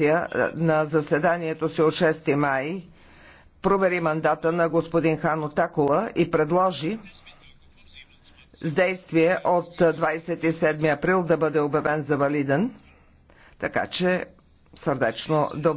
Е, на заседанието си от 6 май провери мандата на господин Хано Такола и предложи с действие от 27 април да бъде обявен за валиден. Така че сърдечно добре.